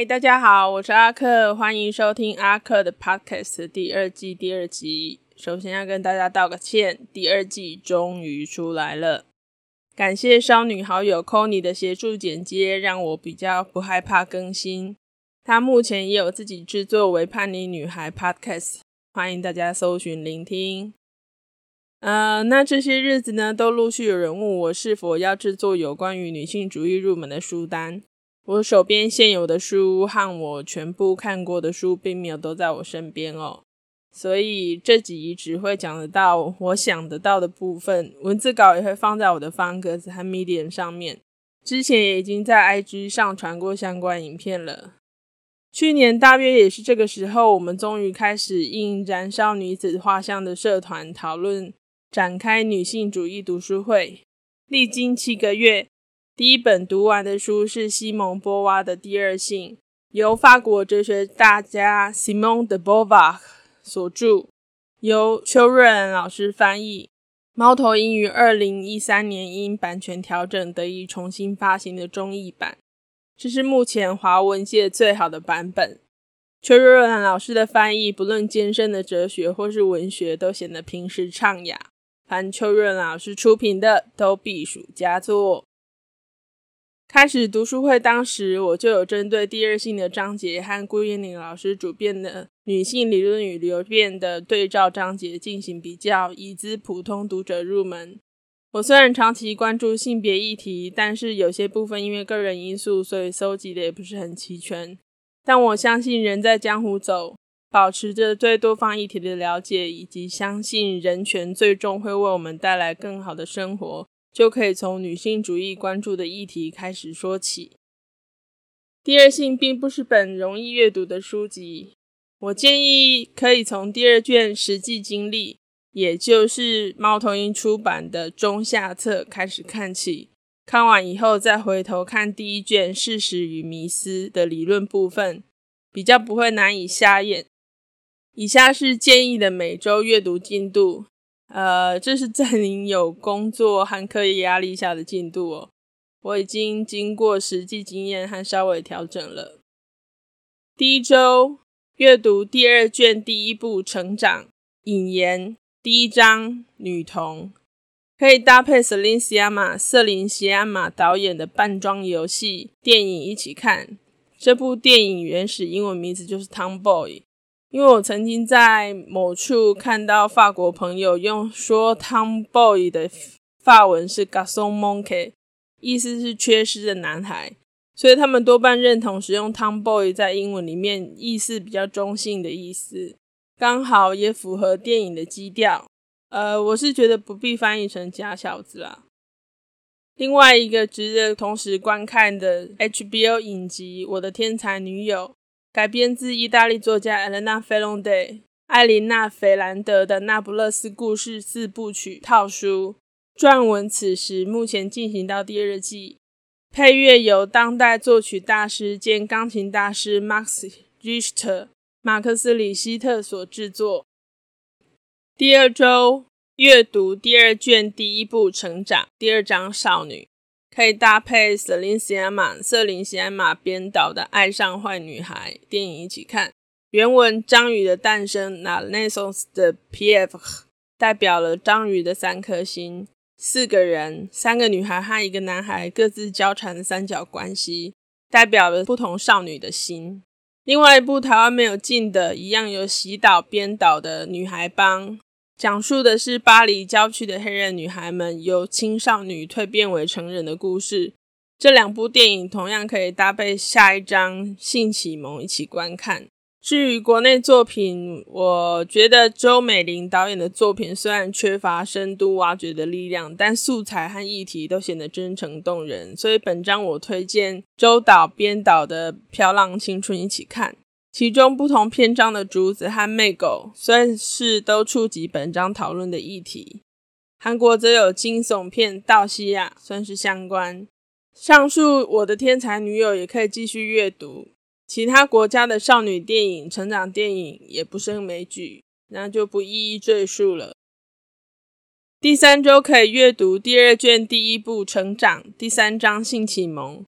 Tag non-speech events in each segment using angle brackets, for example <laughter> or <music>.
嗨，大家好，我是阿克，歡迎收聽阿克的 Podcast 第二季第二集。首先要跟大家道個歉，第二季終於出來了，感謝少女好友 Cony 的協助剪接，讓我比較不害怕更新。她目前也有自己制作微叛逆女孩 Podcast，歡迎大家搜尋聆聽。呃，那這些日子呢，都陸續有人問我是否要制作有關於女性主義入門的書單。我手邊現有的書和我全部看過的書，並沒有都在我身邊哦，所以這集只會講得到我想得到的部分。文字稿也會放在我的方格子和 Medium 上面，之前也已經在 IG 上傳過相關影片了。去年大約也是這個時候，我們終於開始應《燃燒女子畫像》的社團討論展開女性主義讀書會，歷經七個月。第一本讀完的書是西蒙波娃的《第二性》，由法國哲學大家西蒙德波娃所著，由邱瑞鑾老師翻譯。貓頭鷹於二零一三年因版權調整得以重新發行的中譯版，這是目前華文界最好的版本。邱瑞鑾老師的翻譯，不論艱深的哲學或是文學，都顯得平實暢雅。凡邱瑞鑾老師出品的，都必屬佳作。開始讀書會，當時我就有針對第二性的章節和顧燕翎老師主編的《女性理論與流變》的對照章節進行比較，以資普通讀者入門。我雖然長期關注性別議題，但是有些部分因為個人因素，所以蒐集的也不是很齊全。但我相信人在江湖走，保持着對多方議題的了解，以及相信人權最終會為我們帶來更好的生活。就可以從女性主義關注的議題開始說起。第二性並不是本容易閱讀的書籍，我建議可以從第二卷實際經歷，也就是貓頭鷹出版的中下冊開始看起。看完以後再回頭看第一卷事實與迷思的理論部分，比較不會難以下嚥。以下是建議的每周閱讀進度。呃，這是在您有工作和科研壓力下的進度哦。我已經經過實際經驗和稍微調整了。第一周閱讀第二卷第一部《成長引言》第一章《女童》，可以搭配瑟琳·西亞馬、瑟琳·西亞瑪導演的扮裝遊戲電影一起看。這部電影原始英文名字就是《Tomboy》。因為我曾經在某處看到法國朋友用說 “Tomboy” 的法文是 “garçon manqué”，意思是“缺失的男孩”，所以他們多半認同使用 “Tomboy” 在英文裡面意思比較中性的意思，剛好也符合電影的基調。呃，我是覺得不必翻譯成“假小子”啦。另外一個值得同時觀看的 HBO 影集《我的天才女友》。改編自意大利作家 Elena Ferrante（ 艾琳娜·菲蘭德）的《那不勒斯故事四部曲》套書。撰文此時目前進行到第二季。配樂由當代作曲大師兼鋼琴大師 Max Richter（ 馬克斯·里希特）所制作。第二周閱讀第二卷第一部《成長》第二章《少女》。可以搭配 Ciamma, 瑟琳西安瑪、瑟琳西安瑪編導的《愛上壞女孩》電影一起看。原文《章魚的誕生》，Nelson 的 P F 代表了章魚的三顆心，四個人，三個女孩和一個男孩各自交纏的三角關係，代表了不同少女的心。另外一部台灣沒有進的，一樣有洗導編導的《女孩幫》。講述的是巴黎郊區的黑人女孩們由青少女蛻變為成人的故事。這兩部電影同樣可以搭配下一章性啟蒙一起觀看。至於國內作品，我覺得周美玲導演的作品雖然缺乏深度挖掘的力量，但素材和議題都顯得真誠動人，所以本章我推薦周導編導的《漂浪青春》一起看。其中不同篇章的《竹子》和《魅狗》算是都觸及本章討論的議題，韓國則有驚悚片《道西亞》，算是相關。上述《我的天才女友》也可以繼續閱讀，其他國家的少女電影、成長電影也不勝枚舉，那就不一一贅述了。第三周可以閱讀第二卷第一部《成長》第三章《性啟蒙》。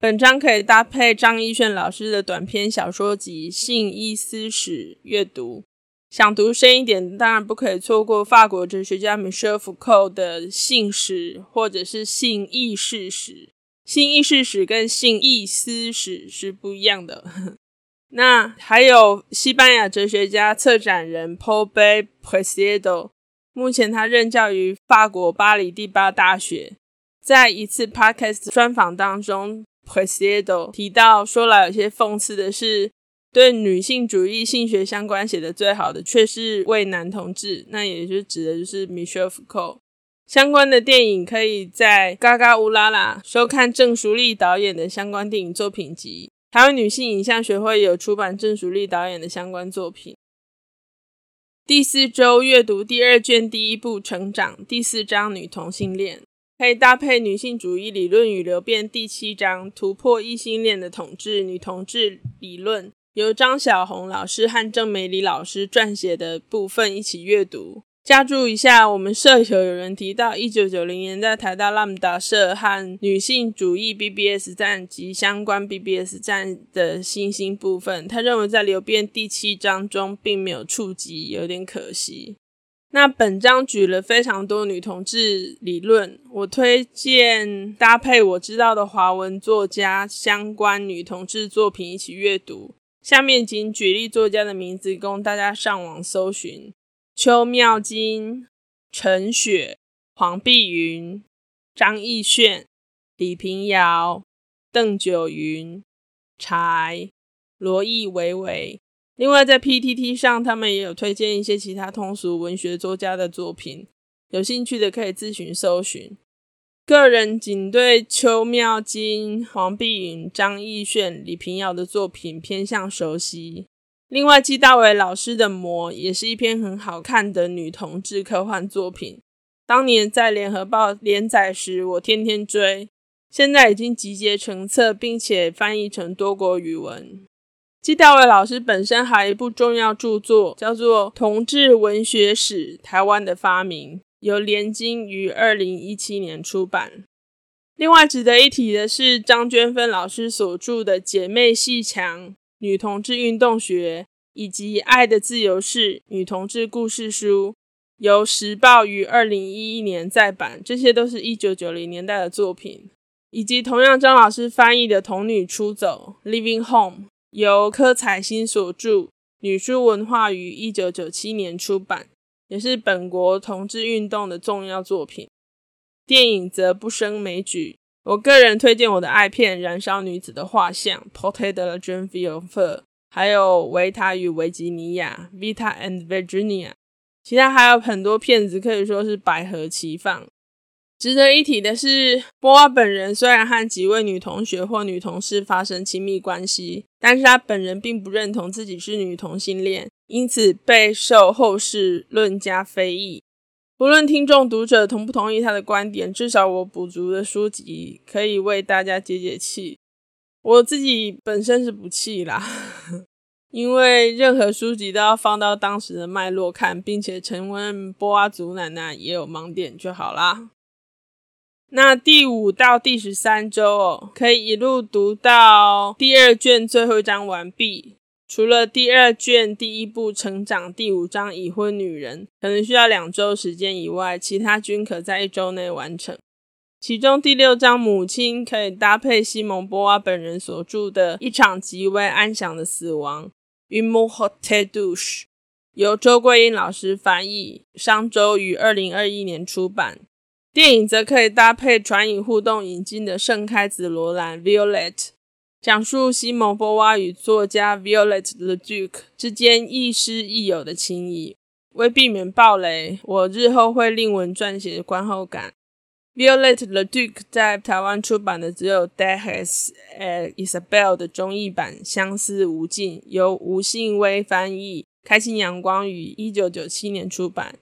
本章可以搭配張亦絢老師的短篇小說集《性意思史》閱讀。想讀深一點，當然不可以錯過法國哲學家 Michel Foucault 的《性史》或者是《性意識史》。《性意識史》跟《性意思史》是不一樣的。 <laughs> 那還有西班牙哲學家策展人 Paul B. Preciado，目前他任教於法國巴黎第八大學。在一次 Podcast 專訪當中。Prestedo 提到，說來有些諷刺的是，對女性主義性學相關寫得最好的卻是位男同志，那也就指的就是 Michel Foucault。相關的電影可以在嘎嘎烏拉拉收看鄭淑麗導演的相關電影作品集。台灣女性影像學會有出版鄭淑麗導演的相關作品。第四周閱讀第二卷第一部《成長》第四章女同性戀。可以搭配《女性主義理論與流變》第七章“突破異性戀的統治：女同志理論”，由張小紅老師和鄭美里老師撰寫的部分一起閱讀。加注一下，我們社友有人提到，一九九零年在台大 Lambda 社和女性主義 BBS 站及相關 BBS 站的新興部分，他認為在流變第七章中並沒有觸及，有點可惜。那本章舉了非常多女同志理論，我推薦搭配我知道的華文作家相關女同志作品一起閱讀。下面僅舉例作家的名字供大家上網搜尋：邱妙津、陳雪、黃碧雲、張亦絢、李屏瑤、鄧九雲、柴、羅浥薇薇。另外，在 PTT 上，他們也有推薦一些其他通俗文學作家的作品，有興趣的可以自行搜尋。個人僅對邱妙津、黃碧雲、張藝炫、李平遙的作品偏向熟悉。另外，紀大偉老師的《魔》也是一篇很好看的女同志科幻作品，當年在聯合報連載時，我天天追，現在已經集結成冊，並且翻譯成多國語文。季大偉老師本身還有一部重要著作，叫做《同志文學史：台灣的發明》，由聯經於二零一七年出版。另外值得一提的是，張娟芬老師所著的《姐妹戲牆：女同志運動學》以及《愛的自由式：女同志故事書》，由時報於二零一一年再版。這些都是一九九零年代的作品，以及同樣張老師翻譯的《童女出走：Living Home》。由柯采新所著《女書文化》於一九九七年出版，也是本國同志運動的重要作品。電影則不勝枚舉，我個人推薦我的愛片《燃燒女子的畫像 p o t r a t of a y o n a Girl），還有《維塔與維吉尼亞》（Vita and Virginia）。其他還有很多片子可以說是百合齊放。值得一提的是，波娃本人雖然和幾位女同學或女同事發生親密關係，但是他本人並不認同自己是女同性戀，因此備受後世論家非議。不論聽眾讀者同不同意他的觀點，至少我補足的書籍可以為大家解解氣。我自己本身是不氣啦， <laughs> 因為任何書籍都要放到當時的脈絡看，並且承認波娃祖奶奶也有盲點就好啦。那第五到第十三週哦，可以一路讀到第二卷最後一章完畢。除了第二卷第一部成長第五章已婚女人，可能需要兩週時間以外，其他均可在一週內完成。其中第六章母親可以搭配西蒙波娃本人所著的《一場極為安詳的死亡》，Une mort très douce，由周桂英老師翻譯，商周於二零二一年出版。電影則可以搭配傳影互動引進的《盛開紫羅蘭》（Violet），講述西蒙·波娃與作家 Violette Le Duc 之間亦師亦友的情誼。為避免暴雷，我日後會另文撰寫觀後感。Violette Le Duc 在台灣出版的只有《Thérèse et Isabelle》的中譯版《相思無盡》，由吳信威翻譯，開心陽光於一九九七年出版。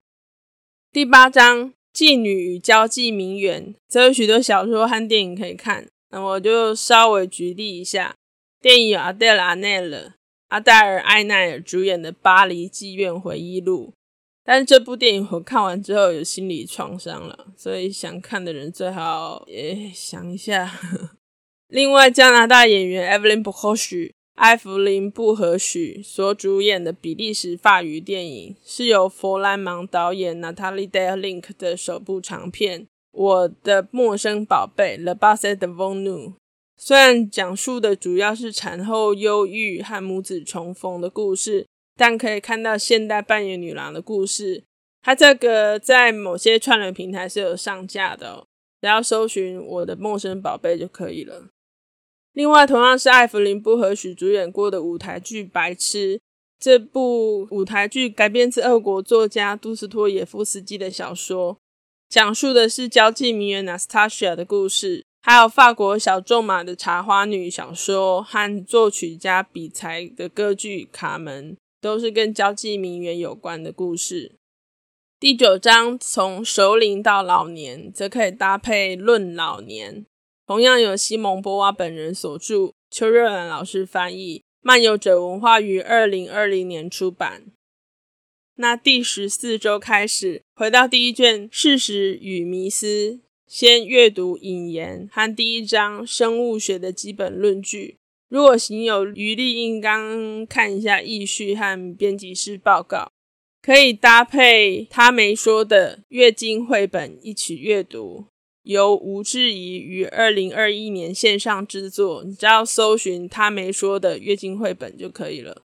第八章。妓女與交際名媛，這有許多小說和電影可以看。那我就稍微舉例一下，電影有 Adèle Haenel，阿黛爾·阿奈爾（阿黛爾·艾奈爾）主演的《巴黎妓院回憶錄》，但是這部電影我看完之後有心理創傷了，所以想看的人最好也想一下。 <laughs> 另外，加拿大演員 Evelyne Brochu。艾弗琳布和許所主演的比利時法語電影，是由佛蘭芒導演娜塔莉德林克的首部長片《我的陌生寶貝》（Le Passé devant nous）。雖然講述的主要是產後憂鬱和母子重逢的故事，但可以看到現代扮演女郎的故事。它這個在某些串流平台是有上架的哦，只要搜尋《我的陌生寶貝》就可以了。另外，同樣是艾弗林布和許主演過的舞台劇《白痴》，這部舞台劇改編自俄國作家杜斯妥也夫斯基的小說，講述的是交際名媛 Nastasia 的故事。還有法國小仲馬的《茶花女》小說和作曲家比才的歌劇《卡門》，都是跟交際名媛有關的故事。第九章從熟齡到老年，則可以搭配《論老年》。同樣由西蒙波娃本人所著，邱瑞鑾老師翻譯，漫遊者文化於二零二零年出版。那第十四周開始，回到第一卷《事實與迷思》，先閱讀引言和第一章《生物學的基本論據》。如果行有餘力應當、應當看一下譯序和編輯室報告，可以搭配他沒說的月經繪本一起閱讀。由吳志怡於二零二一年線上製作，你只要搜尋他沒說的月經繪本就可以了。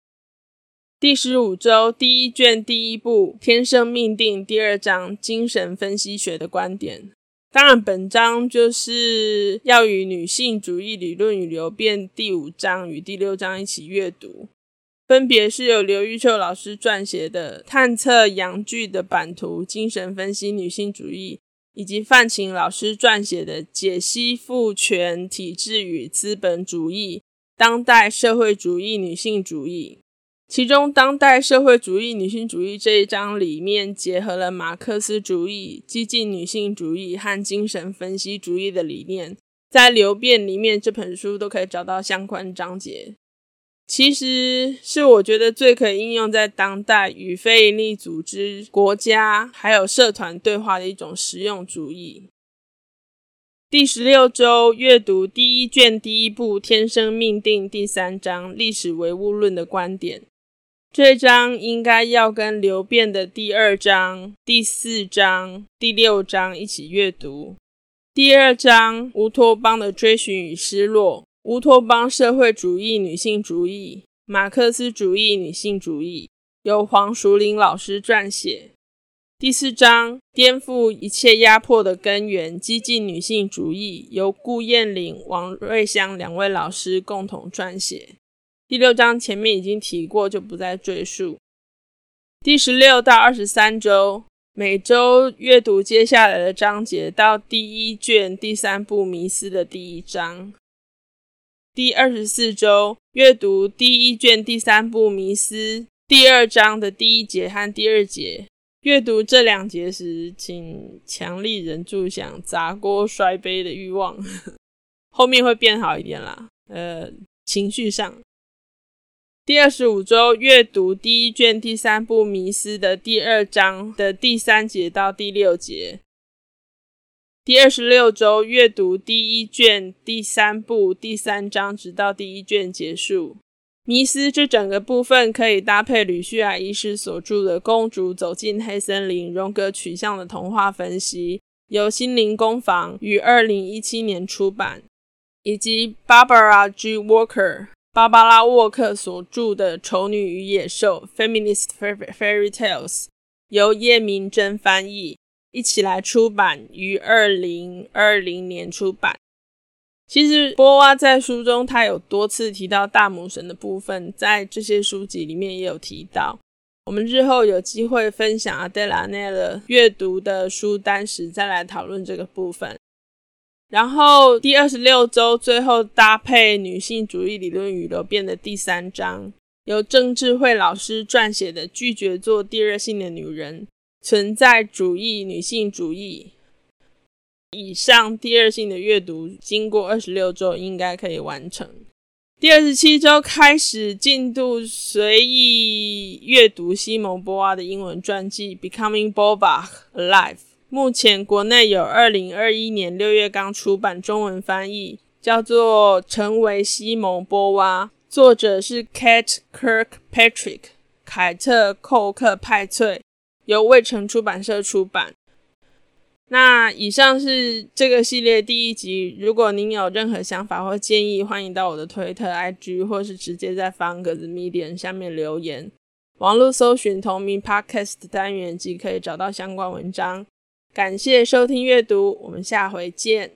第十五周第一卷第一部《天生命定》第二章精神分析學的觀點，當然本章就是要與女性主義理論與流變第五章與第六章一起閱讀，分別是由劉玉秀老師撰寫的《探測陽具的版圖》、精神分析、女性主義。以及范晴老師撰寫的《解析父權體制與資本主義：當代社會主義女性主義》，其中“當代社會主義女性主義”這一章裡面結合了馬克思主義、激進女性主義和精神分析主義的理念，在流變裡面這本書都可以找到相關章節。其實是我覺得最可以應用在當代與非營利組織、國家還有社團對話的一種實用主義。第十六周閱讀第一卷第一部《天生命定》第三章歷史唯物論的觀點。這一章應該要跟流變的第二章、第四章、第六章一起閱讀。第二章烏托邦的追尋與失落。烏托邦社會主義女性主義、馬克思主義女性主義，由黃淑玲老師撰寫。第四章顛覆一切壓迫的根源，激進女性主義，由顧燕翎、王瑞香兩位老師共同撰寫。第六章前面已經提過，就不再贅述。第十六到二十三周，每周閱讀接下來的章節，到第一卷第三部《迷思》的第一章。第二十四週，閱讀第一卷第三部《迷思》。第二章的第一節和第二節。閱讀這兩節時，請強力忍住想砸鍋摔杯的欲望，後面會變好一點啦。呃，情緒上。第二十五週，閱讀第一卷第三部《迷思》的第二章的第三節到第六節。第二十六周，閱讀第一卷第三部第三章，直到第一卷結束。迷思這整個部分可以搭配呂旭亞醫師所著的《公主走進黑森林：榮格取向的童話分析》由，由心靈工坊於二零一七年出版，以及 Barbara G. Walker（ 芭芭拉·沃克）所著的《醜女與野獸：Feminist Fairy-fairy Tales》，由葉明珍翻譯，一起來出版於二零二零年出版。其實波娃在書中，他有多次提到大母神的部分，在這些書籍裡面也有提到。我們日後有機會分享阿德拉內的閱讀的書單時，再來討論這個部分。然後第二十六週最後搭配女性主義理論與流變的第三章，由鄭智慧老師撰寫的《拒絕做第二性的女人》。存在主義、女性主義。以上，第二性的閱讀經過二十六周應該可以完成。第二十七周開始，進度隨意閱讀西蒙波娃的英文傳記《Becoming Boba Alive》。目前國內有二零二一年六月剛出版中文翻譯，叫做《成為西蒙波娃》，作者是 Kate Kirkpatrick，凱特·寇克·派翠。由衛城出版社出版。那以上是這個系列第一集。如果您有任何想法或建議，歡迎到我的推特、IG，或是直接在方格子 Medium 下面留言。網絡搜尋同名 Podcast 單元即可找到相關文章。感謝收聽閱讀，我們下回見。